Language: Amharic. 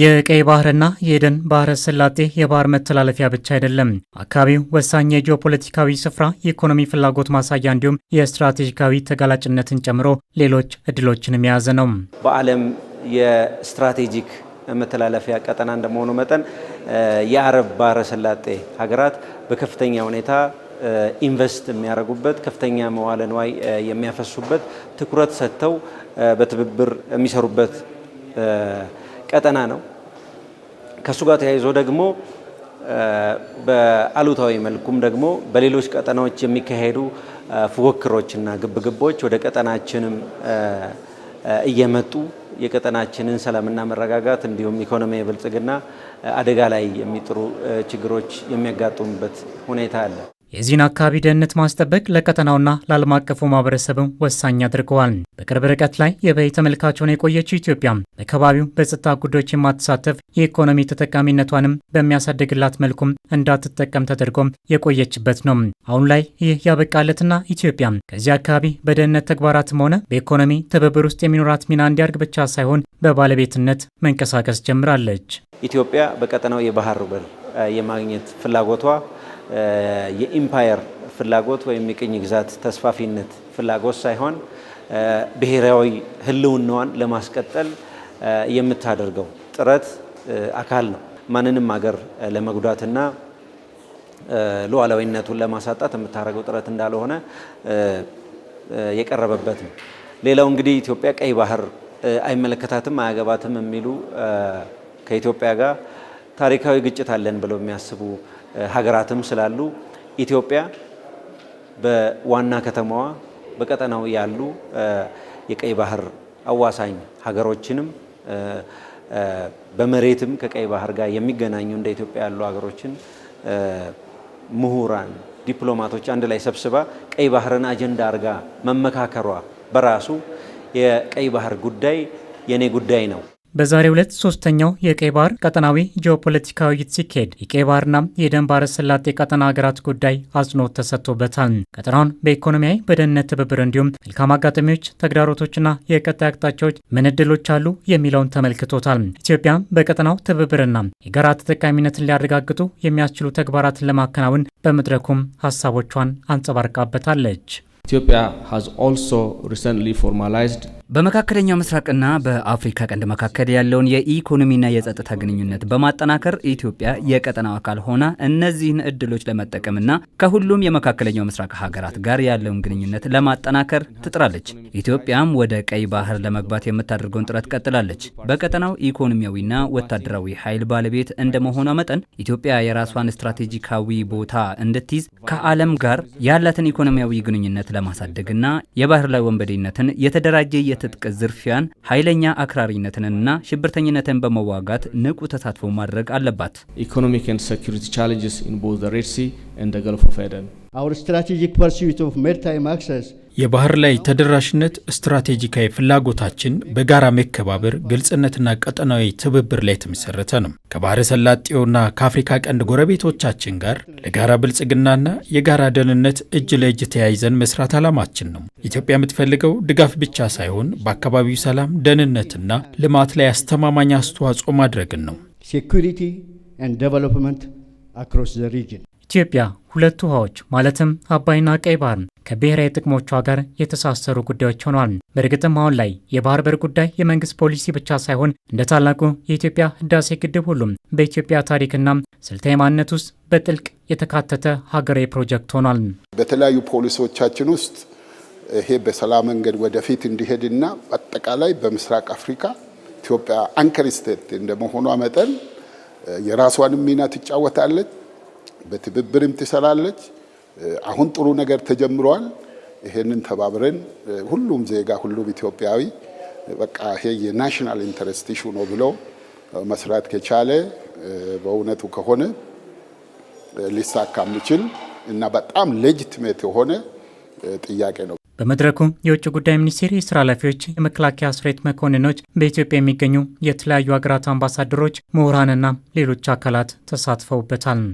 የቀይ ባህርና የኤደን ባህረ ሰላጤ የባህር መተላለፊያ ብቻ አይደለም። አካባቢው ወሳኝ የጂኦፖለቲካዊ ስፍራ፣ የኢኮኖሚ ፍላጎት ማሳያ እንዲሁም የስትራቴጂካዊ ተጋላጭነትን ጨምሮ ሌሎች እድሎችንም የያዘ ነው። በዓለም የስትራቴጂክ መተላለፊያ ቀጠና እንደመሆኑ መጠን የአረብ ባህረ ሰላጤ ሀገራት በከፍተኛ ሁኔታ ኢንቨስት የሚያደርጉበት ከፍተኛ መዋለ ንዋይ የሚያፈሱበት ትኩረት ሰጥተው በትብብር የሚሰሩበት ቀጠና ነው። ከእሱ ጋር ተያይዞ ደግሞ በአሉታዊ መልኩም ደግሞ በሌሎች ቀጠናዎች የሚካሄዱ ፉክክሮችና ግብግቦች ወደ ቀጠናችንም እየመጡ የቀጠናችንን ሰላምና መረጋጋት እንዲሁም ኢኮኖሚያዊ ብልጽግና አደጋ ላይ የሚጥሩ ችግሮች የሚያጋጥሙበት ሁኔታ አለ። የዚህን አካባቢ ደህንነት ማስጠበቅ ለቀጠናውና ለዓለም አቀፉ ማህበረሰብም ወሳኝ አድርገዋል። በቅርብ ርቀት ላይ የበይ ተመልካች ሆና የቆየችው ኢትዮጵያ በከባቢው በጸጥታ ጉዳዮች የማትሳተፍ የኢኮኖሚ ተጠቃሚነቷንም በሚያሳድግላት መልኩም እንዳትጠቀም ተደርጎም የቆየችበት ነው። አሁን ላይ ይህ ያበቃለትና ኢትዮጵያ ከዚህ አካባቢ በደህንነት ተግባራትም ሆነ በኢኮኖሚ ትብብር ውስጥ የሚኖራት ሚና እንዲያድግ ብቻ ሳይሆን በባለቤትነት መንቀሳቀስ ጀምራለች። ኢትዮጵያ በቀጠናው የባህር በር የማግኘት ፍላጎቷ የኢምፓየር ፍላጎት ወይም የቅኝ ግዛት ተስፋፊነት ፍላጎት ሳይሆን ብሔራዊ ህልውናዋን ለማስቀጠል የምታደርገው ጥረት አካል ነው። ማንንም ሀገር ለመጉዳትና ሉዓላዊነቱን ለማሳጣት የምታደርገው ጥረት እንዳልሆነ የቀረበበት ነው። ሌላው እንግዲህ ኢትዮጵያ ቀይ ባህር አይመለከታትም፣ አያገባትም የሚሉ ከኢትዮጵያ ጋር ታሪካዊ ግጭት አለን ብለው የሚያስቡ ሀገራትም ስላሉ ኢትዮጵያ በዋና ከተማዋ በቀጠናው ያሉ የቀይ ባህር አዋሳኝ ሀገሮችንም በመሬትም ከቀይ ባህር ጋር የሚገናኙ እንደ ኢትዮጵያ ያሉ ሀገሮችን ምሁራን፣ ዲፕሎማቶች አንድ ላይ ሰብስባ ቀይ ባህርን አጀንዳ አድርጋ መመካከሯ በራሱ የቀይ ባህር ጉዳይ የኔ ጉዳይ ነው በዛሬ ሁለት ሶስተኛው የቀይ ባህር ቀጠናዊ ጂኦፖለቲካዊ ውይይት ሲካሄድ የቀይ ባህርና የደን ባህረ ሰላጤ ቀጠና ሀገራት ጉዳይ አጽንኦት ተሰጥቶበታል። ቀጠናውን በኢኮኖሚያዊ በደህንነት ትብብር እንዲሁም መልካም አጋጣሚዎች፣ ተግዳሮቶችና የቀጣይ አቅጣጫዎች ምን እድሎች አሉ የሚለውን ተመልክቶታል። ኢትዮጵያ በቀጠናው ትብብርና የጋራ ተጠቃሚነትን ሊያረጋግጡ የሚያስችሉ ተግባራትን ለማከናወን በመድረኩም ሀሳቦቿን አንጸባርቃበታለች። ኢትዮጵያ has ኦልሶ ሪሰንትሊ ፎርማላይዝድ በመካከለኛው ምስራቅና በአፍሪካ ቀንድ መካከል ያለውን የኢኮኖሚና የጸጥታ ግንኙነት በማጠናከር ኢትዮጵያ የቀጠናው አካል ሆና እነዚህን እድሎች ለመጠቀምና ከሁሉም የመካከለኛው ምስራቅ ሀገራት ጋር ያለውን ግንኙነት ለማጠናከር ትጥራለች። ኢትዮጵያም ወደ ቀይ ባህር ለመግባት የምታደርገውን ጥረት ቀጥላለች። በቀጠናው ኢኮኖሚያዊና ወታደራዊ ኃይል ባለቤት እንደመሆኗ መጠን ኢትዮጵያ የራሷን ስትራቴጂካዊ ቦታ እንድትይዝ ከዓለም ጋር ያላትን ኢኮኖሚያዊ ግንኙነት ለማሳደግና የባህር ላይ ወንበዴነትን የተደራጀ የትጥቅ ዝርፊያን፣ ኃይለኛ አክራሪነትንና ሽብርተኝነትን በመዋጋት ንቁ ተሳትፎ ማድረግ አለባት። ኢኮኖሚክ ኤንድ ሴኩሪቲ ቻሌንጅስ ኢን ቦዝ ሬድ ሲ ኤንድ ገልፍ ኦፍ ኤደን የባህር ላይ ተደራሽነት ስትራቴጂካዊ ፍላጎታችን በጋራ መከባበር፣ ግልጽነትና ቀጠናዊ ትብብር ላይ የተመሰረተ ነው። ከባህረ ሰላጤውና ከአፍሪካ ቀንድ ጎረቤቶቻችን ጋር ለጋራ ብልጽግናና የጋራ ደህንነት እጅ ለእጅ ተያይዘን መስራት ዓላማችን ነው። ኢትዮጵያ የምትፈልገው ድጋፍ ብቻ ሳይሆን በአካባቢው ሰላም፣ ደህንነትና ልማት ላይ አስተማማኝ አስተዋጽኦ ማድረግን ነው። ሴኩሪቲ ኤንድ ዴቨሎፕመንት አክሮስ ዘ ሪጅን ኢትዮጵያ ሁለቱ ውሃዎች ማለትም አባይና ቀይ ባህር ከብሔራዊ ጥቅሞቿ ጋር የተሳሰሩ ጉዳዮች ሆኗል። በእርግጥም አሁን ላይ የባህር በር ጉዳይ የመንግስት ፖሊሲ ብቻ ሳይሆን እንደ ታላቁ የኢትዮጵያ ህዳሴ ግድብ ሁሉም በኢትዮጵያ ታሪክና ስልታዊ ማንነት ውስጥ በጥልቅ የተካተተ ሀገራዊ ፕሮጀክት ሆኗል። በተለያዩ ፖሊሲዎቻችን ውስጥ ይሄ በሰላም መንገድ ወደፊት እንዲሄድና አጠቃላይ በምስራቅ አፍሪካ ኢትዮጵያ አንከር ስቴት እንደመሆኗ መጠን የራሷንም ሚና ትጫወታለች። በትብብርም ትሰራለች። አሁን ጥሩ ነገር ተጀምሯል። ይሄንን ተባብረን ሁሉም ዜጋ ሁሉም ኢትዮጵያዊ በቃ ይሄ የናሽናል ኢንተረስት ኢሹ ነው ብሎ መስራት ከቻለ በእውነቱ ከሆነ ሊሳካ የሚችል እና በጣም ሌጅትሜት የሆነ ጥያቄ ነው። በመድረኩ የውጭ ጉዳይ ሚኒስቴር የስራ ኃላፊዎች፣ የመከላከያ ስሬት መኮንኖች፣ በኢትዮጵያ የሚገኙ የተለያዩ ሀገራት አምባሳደሮች፣ ምሁራንና ሌሎች አካላት ተሳትፈውበታል።